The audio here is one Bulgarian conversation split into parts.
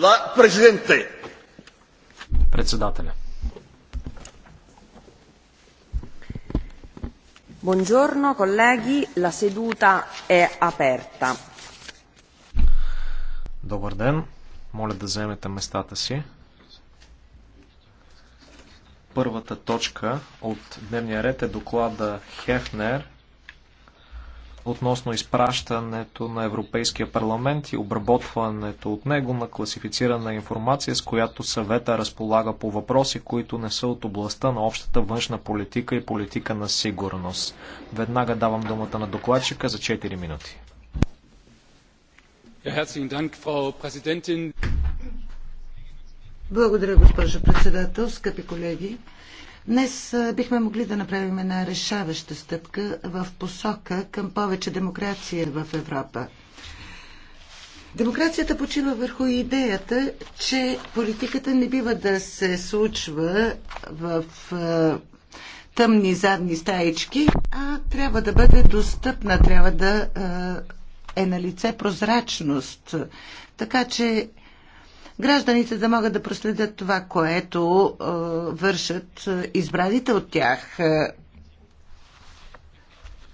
La Presidente. Председателя. Buongiorno colleghi, la seduta è aperta. Добър ден. Моля да заемете местата си. Първата точка от дневния ред е доклада Хефнер относно изпращането на Европейския парламент и обработването от него на класифицирана информация, с която съвета разполага по въпроси, които не са от областта на общата външна политика и политика на сигурност. Веднага давам думата на докладчика за 4 минути. Благодаря, госпожо председател, скъпи колеги. Днес бихме могли да направим една решаваща стъпка в посока към повече демокрация в Европа. Демокрацията почива върху идеята, че политиката не бива да се случва в тъмни задни стаички, а трябва да бъде достъпна, трябва да е на лице прозрачност. Така че гражданите да могат да проследят това, което е, вършат е, избраните от тях е,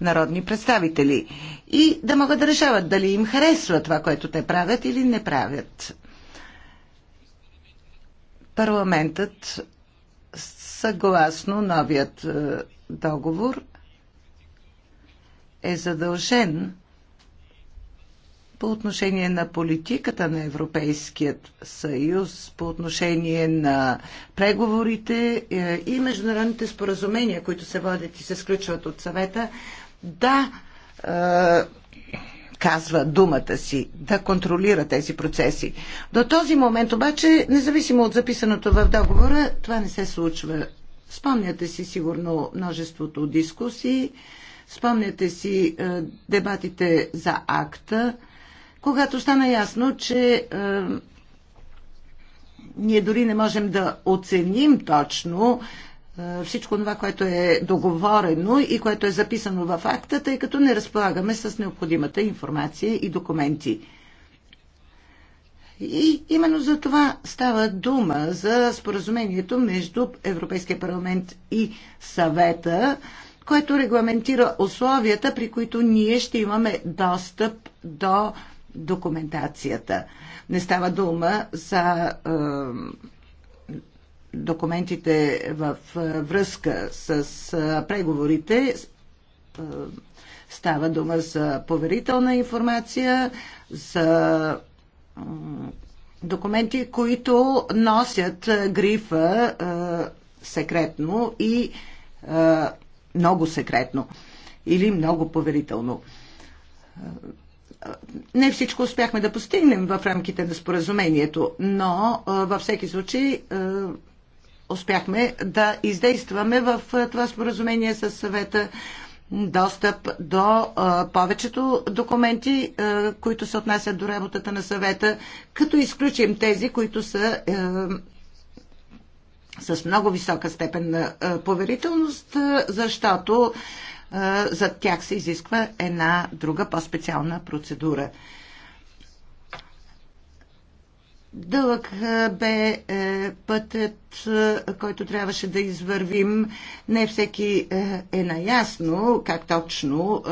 народни представители и да могат да решават дали им харесва това, което те правят или не правят. Парламентът съгласно новият е, договор е задължен по отношение на политиката на Европейският съюз, по отношение на преговорите е, и международните споразумения, които се водят и се сключват от съвета, да е, казва думата си, да контролира тези процеси. До този момент обаче, независимо от записаното в договора, това не се случва. Спомняте си сигурно множеството дискусии, спомняте си е, дебатите за акта, когато стана ясно, че е, ние дори не можем да оценим точно е, всичко това, което е договорено и което е записано в акта, тъй като не разполагаме с необходимата информация и документи. И именно за това става дума за споразумението между Европейския парламент и съвета, което регламентира условията, при които ние ще имаме достъп до документацията. Не става дума за е, документите в връзка с е, преговорите. Е, става дума за поверителна информация, за документи, които носят грифа секретно и много секретно или много поверително не всичко успяхме да постигнем в рамките на споразумението, но във всеки случай успяхме да издействаме в това споразумение с съвета достъп до а, повечето документи, а, които се отнасят до работата на съвета, като изключим тези, които са а, с много висока степен на поверителност, а, защото за тях се изисква една друга по-специална процедура. Дълъг бе е, пътят, който трябваше да извървим. Не всеки е, е наясно как точно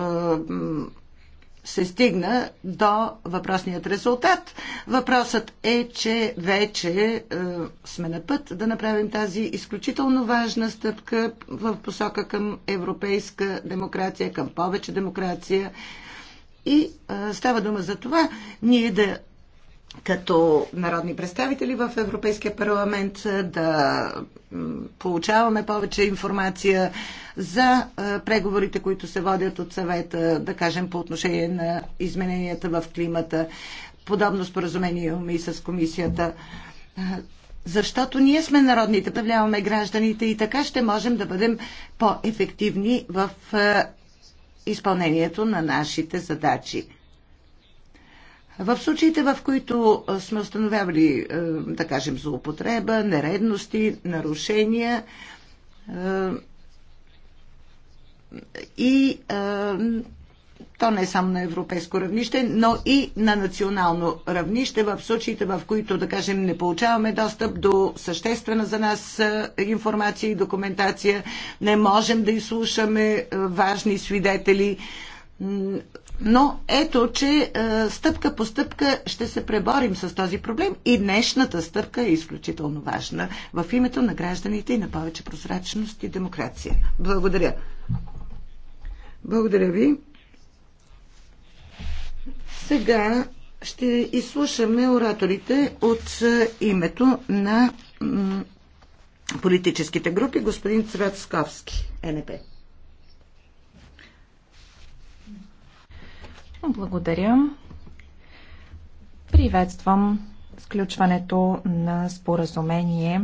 се стигна до въпросният резултат. Въпросът е, че вече е, сме на път да направим тази изключително важна стъпка в посока към европейска демокрация, към повече демокрация. И е, става дума за това ние да като народни представители в Европейския парламент е, да получаваме повече информация за е, преговорите, които се водят от съвета, да кажем по отношение на измененията в климата. Подобно споразумение имаме и с комисията. Е, защото ние сме народните, представляваме гражданите и така ще можем да бъдем по-ефективни в изпълнението на нашите задачи. В случаите, в които сме установявали, да кажем, злоупотреба, нередности, нарушения и то не само на европейско равнище, но и на национално равнище, в случаите, в които, да кажем, не получаваме достъп до съществена за нас информация и документация, не можем да изслушаме важни свидетели, но ето, че е, стъпка по стъпка ще се преборим с този проблем и днешната стъпка е изключително важна в името на гражданите и на повече прозрачност и демокрация. Благодаря. Благодаря ви. Сега ще изслушаме ораторите от е, името на политическите групи. Господин Цвятсковски, е НП. Благодаря. Приветствам сключването на споразумение.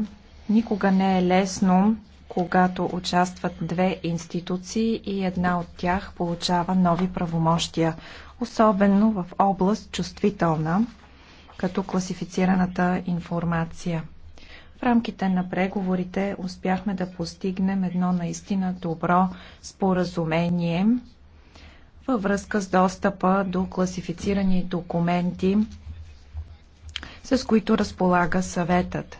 Никога не е лесно, когато участват две институции и една от тях получава нови правомощия, особено в област чувствителна, като класифицираната информация. В рамките на преговорите успяхме да постигнем едно наистина добро споразумение – във връзка с достъпа до класифицирани документи, с които разполага съветът.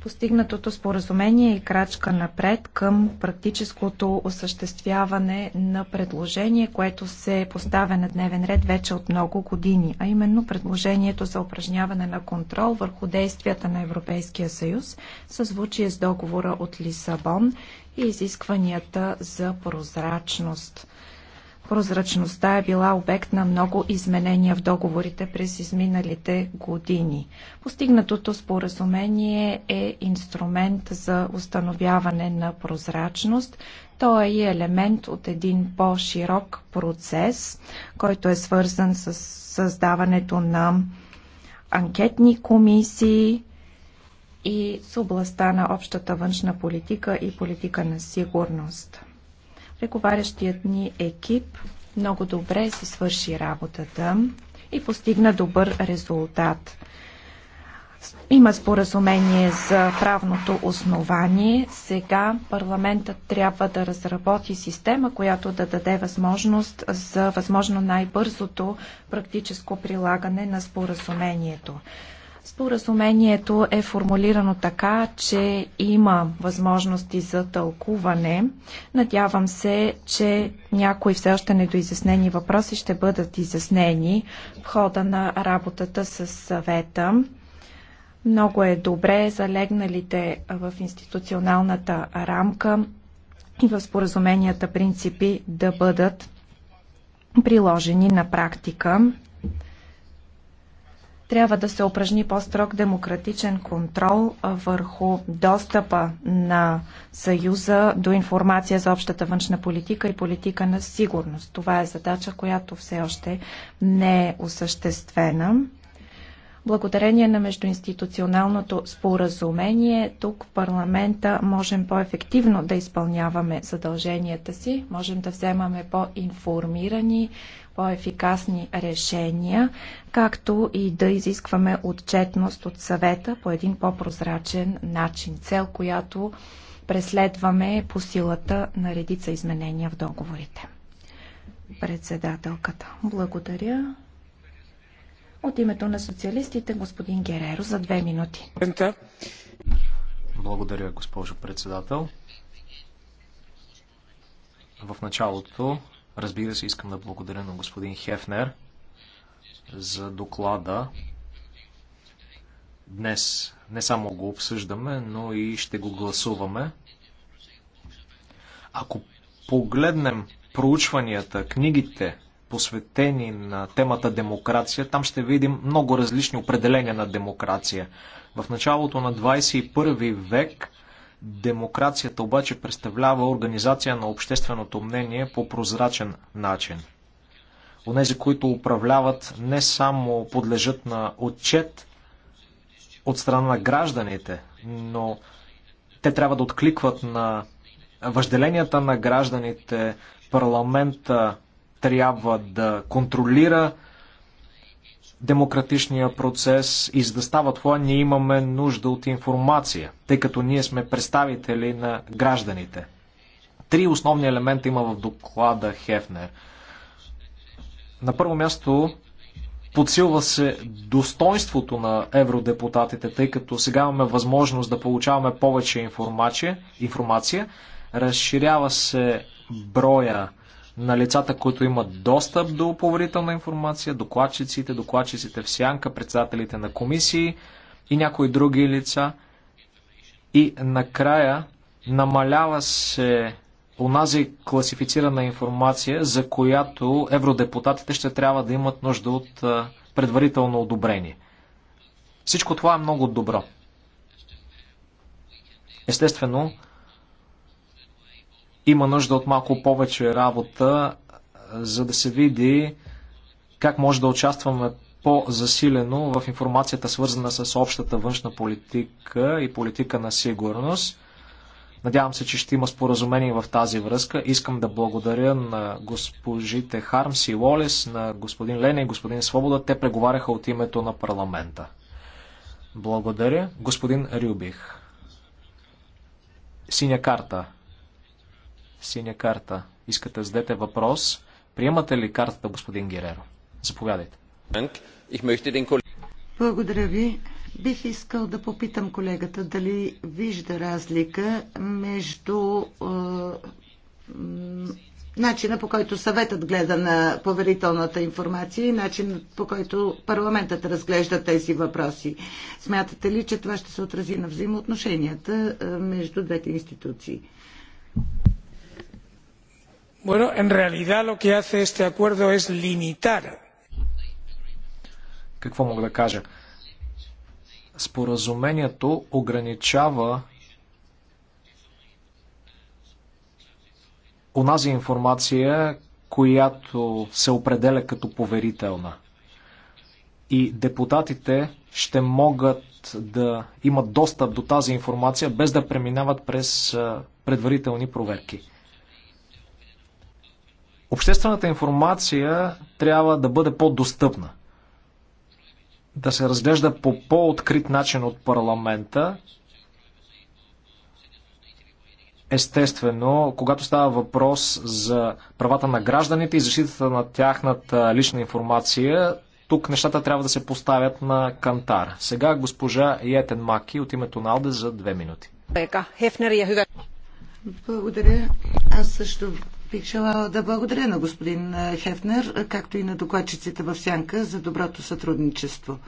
Постигнатото споразумение е крачка напред към практическото осъществяване на предложение, което се поставя на дневен ред вече от много години, а именно предложението за упражняване на контрол върху действията на Европейския съюз, съзвучие с договора от Лисабон и изискванията за прозрачност – Прозрачността е била обект на много изменения в договорите през изминалите години. Постигнатото споразумение е инструмент за установяване на прозрачност. То е и елемент от един по-широк процес, който е свързан с създаването на анкетни комисии, и с областта на общата външна политика и политика на сигурност. Преговарящият ни екип много добре си свърши работата и постигна добър резултат. Има споразумение за правното основание. Сега парламентът трябва да разработи система, която да даде възможност за възможно най-бързото практическо прилагане на споразумението. Споразумението е формулирано така, че има възможности за тълкуване. Надявам се, че някои все още недоизяснени въпроси ще бъдат изяснени в хода на работата с съвета. Много е добре залегналите в институционалната рамка и в споразуменията принципи да бъдат приложени на практика. Трябва да се упражни по-строг демократичен контрол върху достъпа на Съюза до информация за общата външна политика и политика на сигурност. Това е задача, която все още не е осъществена. Благодарение на междуинституционалното споразумение, тук в парламента можем по-ефективно да изпълняваме задълженията си, можем да вземаме по-информирани по-ефикасни решения, както и да изискваме отчетност от съвета по един по-прозрачен начин. Цел, която преследваме по силата на редица изменения в договорите. Председателката. Благодаря. От името на социалистите, господин Гереро, за две минути. Благодаря, госпожо председател. В началото Разбира се, искам да благодаря на господин Хефнер за доклада. Днес не само го обсъждаме, но и ще го гласуваме. Ако погледнем проучванията, книгите, посветени на темата демокрация, там ще видим много различни определения на демокрация. В началото на 21 век Демокрацията обаче представлява организация на общественото мнение по прозрачен начин. Онези, които управляват, не само подлежат на отчет от страна на гражданите, но те трябва да откликват на въжделенията на гражданите. Парламента трябва да контролира демократичния процес и за да става това, ние имаме нужда от информация, тъй като ние сме представители на гражданите. Три основни елемента има в доклада Хефнер. На първо място подсилва се достоинството на евродепутатите, тъй като сега имаме възможност да получаваме повече информация, информация разширява се броя на лицата, които имат достъп до поверителна информация, докладчиците, докладчиците в сянка, председателите на комисии и някои други лица. И накрая намалява се онази класифицирана информация, за която евродепутатите ще трябва да имат нужда от предварително одобрение. Всичко това е много добро. Естествено, има нужда от малко повече работа, за да се види как може да участваме по-засилено в информацията, свързана с общата външна политика и политика на сигурност. Надявам се, че ще има споразумение в тази връзка. Искам да благодаря на госпожите Хармс и Лолес, на господин Лене и господин Свобода. Те преговаряха от името на парламента. Благодаря. Господин Рюбих. Синя карта синя карта. Искате да зададете въпрос. Приемате ли картата, господин Гереро? Заповядайте. Благодаря ви. Бих искал да попитам колегата дали вижда разлика между е, начина по който съветът гледа на поверителната информация и начин по който парламентът разглежда тези въпроси. Смятате ли, че това ще се отрази на взаимоотношенията между двете институции? bueno en realidad lo que hace este acuerdo es limitar какво мога да кажа? Споразумението ограничава онази информация, която се определя като поверителна. И депутатите ще могат да имат достъп до тази информация без да преминават през предварителни проверки. Обществената информация трябва да бъде по-достъпна. Да се разглежда по по-открит начин от парламента. Естествено, когато става въпрос за правата на гражданите и защитата на тяхната лична информация, тук нещата трябва да се поставят на кантар. Сега госпожа Йетен Маки от името на Алде за две минути. Е Благодаря. Аз също Бих желала да благодаря на господин Хефнер, както и на докладчиците в Сянка за доброто сътрудничество.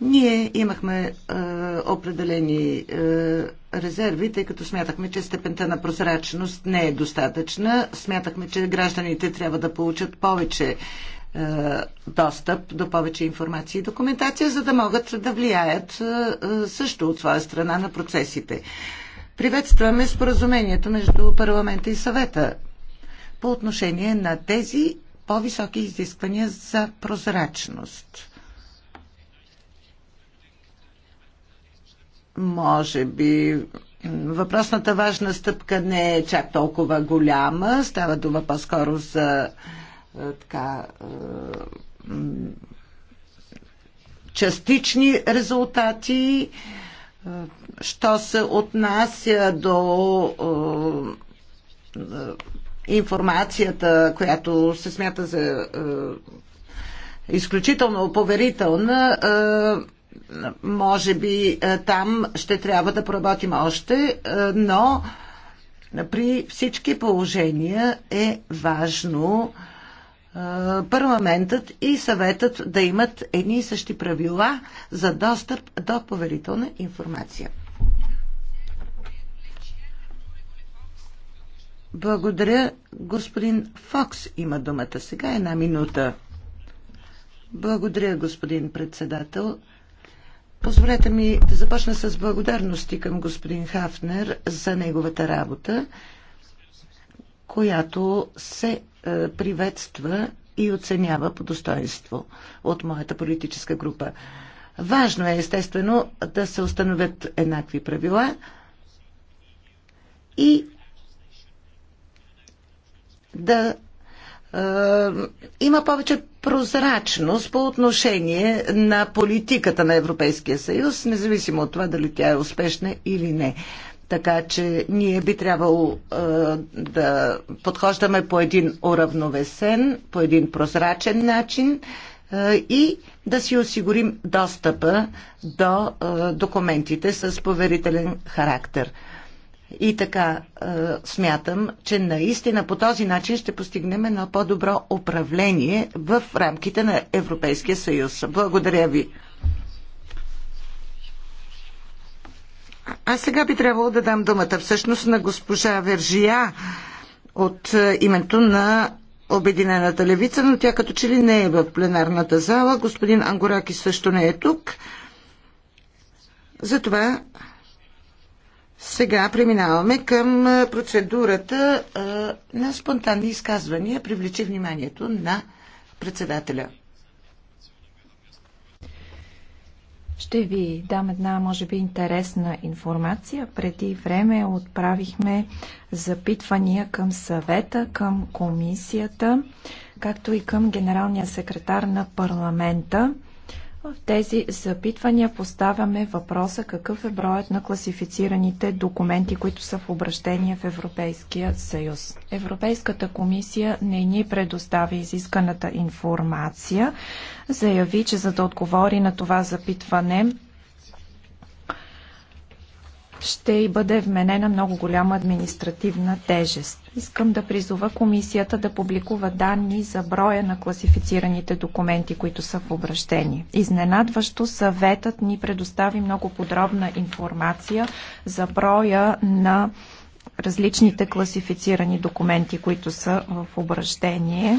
Ние имахме е, определени е, резерви, тъй като смятахме, че степента на прозрачност не е достатъчна. Смятахме, че гражданите трябва да получат повече е, достъп до повече информация и документация, за да могат да влияят е, също от своя страна на процесите. Приветстваме споразумението между парламента и съвета по отношение на тези по-високи изисквания за прозрачност. Може би въпросната важна стъпка не е чак толкова голяма. Става дума по-скоро за е, така е, частични резултати е, що се отнася до е, е, информацията, която се смята за е, изключително поверителна, може би там ще трябва да проработим още, но при всички положения е важно парламентът и съветът да имат едни и същи правила за достъп до поверителна информация. Благодаря. Господин Фокс има думата сега. Една минута. Благодаря, господин председател. Позволете ми да започна с благодарности към господин Хафнер за неговата работа, която се е, приветства и оценява по достоинство от моята политическа група. Важно е, естествено, да се установят еднакви правила и да има повече прозрачност по отношение на политиката на Европейския съюз, независимо от това дали тя е успешна или не. Така че ние би трябвало е, да подхождаме по един уравновесен, по един прозрачен начин е, и да си осигурим достъпа до е, документите с поверителен характер. И така е, смятам, че наистина по този начин ще постигнем едно по-добро управление в рамките на Европейския съюз. Благодаря ви. А сега би трябвало да дам думата всъщност на госпожа Вержия от е, името на Обединената левица, но тя като че ли не е в пленарната зала. Господин Ангораки също не е тук. Затова сега преминаваме към процедурата на спонтанни изказвания. Привлече вниманието на председателя. Ще ви дам една, може би, интересна информация. Преди време отправихме запитвания към съвета, към комисията, както и към генералния секретар на парламента в тези запитвания поставяме въпроса какъв е броят на класифицираните документи, които са в обращение в Европейския съюз. Европейската комисия не ни предостави изисканата информация. Заяви, че за да отговори на това запитване, ще й бъде вменена много голяма административна тежест. Искам да призова комисията да публикува данни за броя на класифицираните документи, които са в обращение. Изненадващо съветът ни предостави много подробна информация за броя на различните класифицирани документи, които са в обращение.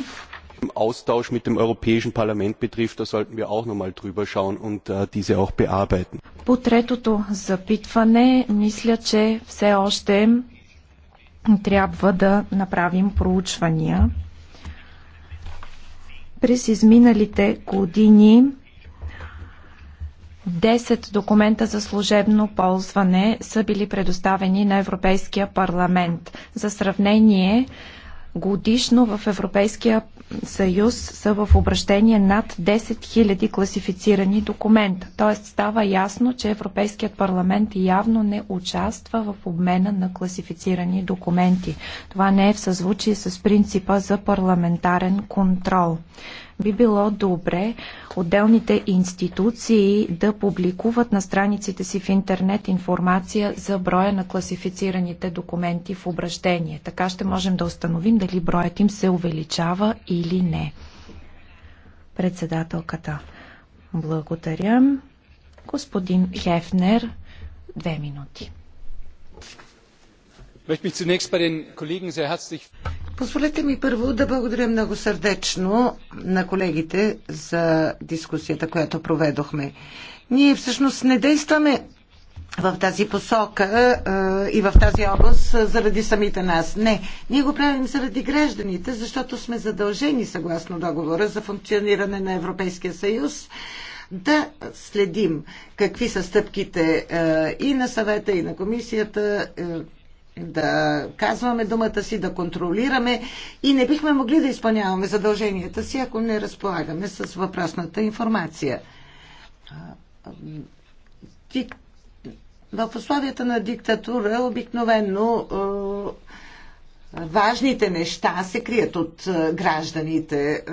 Austausch mit dem Europäischen Parlament betrifft, da sollten wir auch nochmal drüber schauen und äh, diese auch bearbeiten. По третото запитване, мисля, че все още трябва да направим проучвания. През изминалите години 10 документа за служебно ползване са били предоставени на Европейския парламент. За сравнение, годишно в Европейския съюз са в обращение над 10 000 класифицирани документа. Тоест става ясно, че Европейският парламент явно не участва в обмена на класифицирани документи. Това не е в съзвучие с принципа за парламентарен контрол би било добре отделните институции да публикуват на страниците си в интернет информация за броя на класифицираните документи в обращение. Така ще можем да установим дали броят им се увеличава и или не. Председателката. Благодаря. Господин Хефнер, две минути. Позволете ми първо да благодаря много сърдечно на колегите за дискусията, която проведохме. Ние всъщност не действаме в тази посока и в тази област заради самите нас. Не, ние го правим заради гражданите, защото сме задължени съгласно договора за функциониране на Европейския съюз да следим какви са стъпките и на съвета, и на комисията, да казваме думата си, да контролираме и не бихме могли да изпълняваме задълженията си, ако не разполагаме с въпросната информация. Ти в условията на диктатура обикновено е, важните неща се крият от е, гражданите. Е,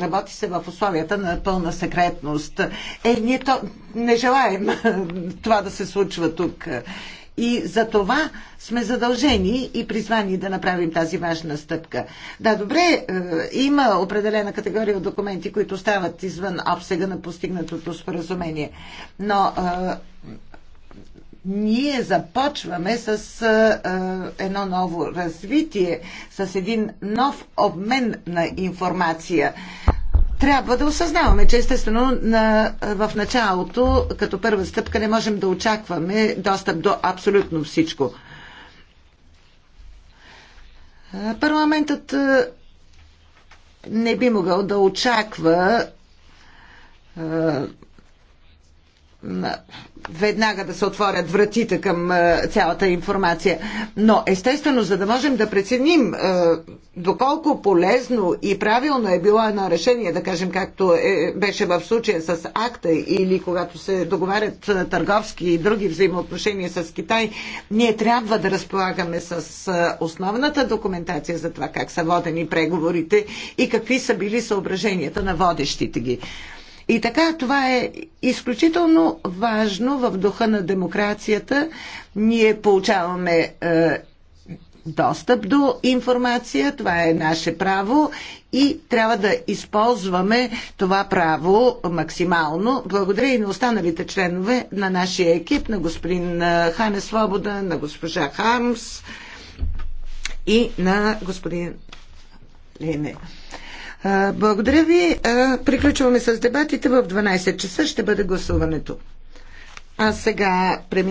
работи се в условията на пълна секретност. Е, ние то, не желаем това да се случва тук. И за това сме задължени и призвани да направим тази важна стъпка. Да, добре, има определена категория от документи, които стават извън обсега на постигнатото споразумение. Но ние започваме с а, едно ново развитие, с един нов обмен на информация. Трябва да осъзнаваме, че естествено на, в началото, като първа стъпка, не можем да очакваме достъп до абсолютно всичко. Парламентът не би могъл да очаква веднага да се отворят вратите към е, цялата информация. Но естествено, за да можем да преценим е, доколко полезно и правилно е било едно решение, да кажем както е, беше в случая с акта или когато се договарят е, търговски и други взаимоотношения с Китай, ние трябва да разполагаме с основната документация за това как са водени преговорите и какви са били съображенията на водещите ги. И така, това е изключително важно в духа на демокрацията. Ние получаваме е, достъп до информация, това е наше право и трябва да използваме това право максимално. Благодаря и на останалите членове на нашия екип, на господин е, Хане Свобода, на госпожа Хармс и на господин Лене. Благодаря ви. Приключваме с дебатите. В 12 часа ще бъде гласуването. А сега преминаваме.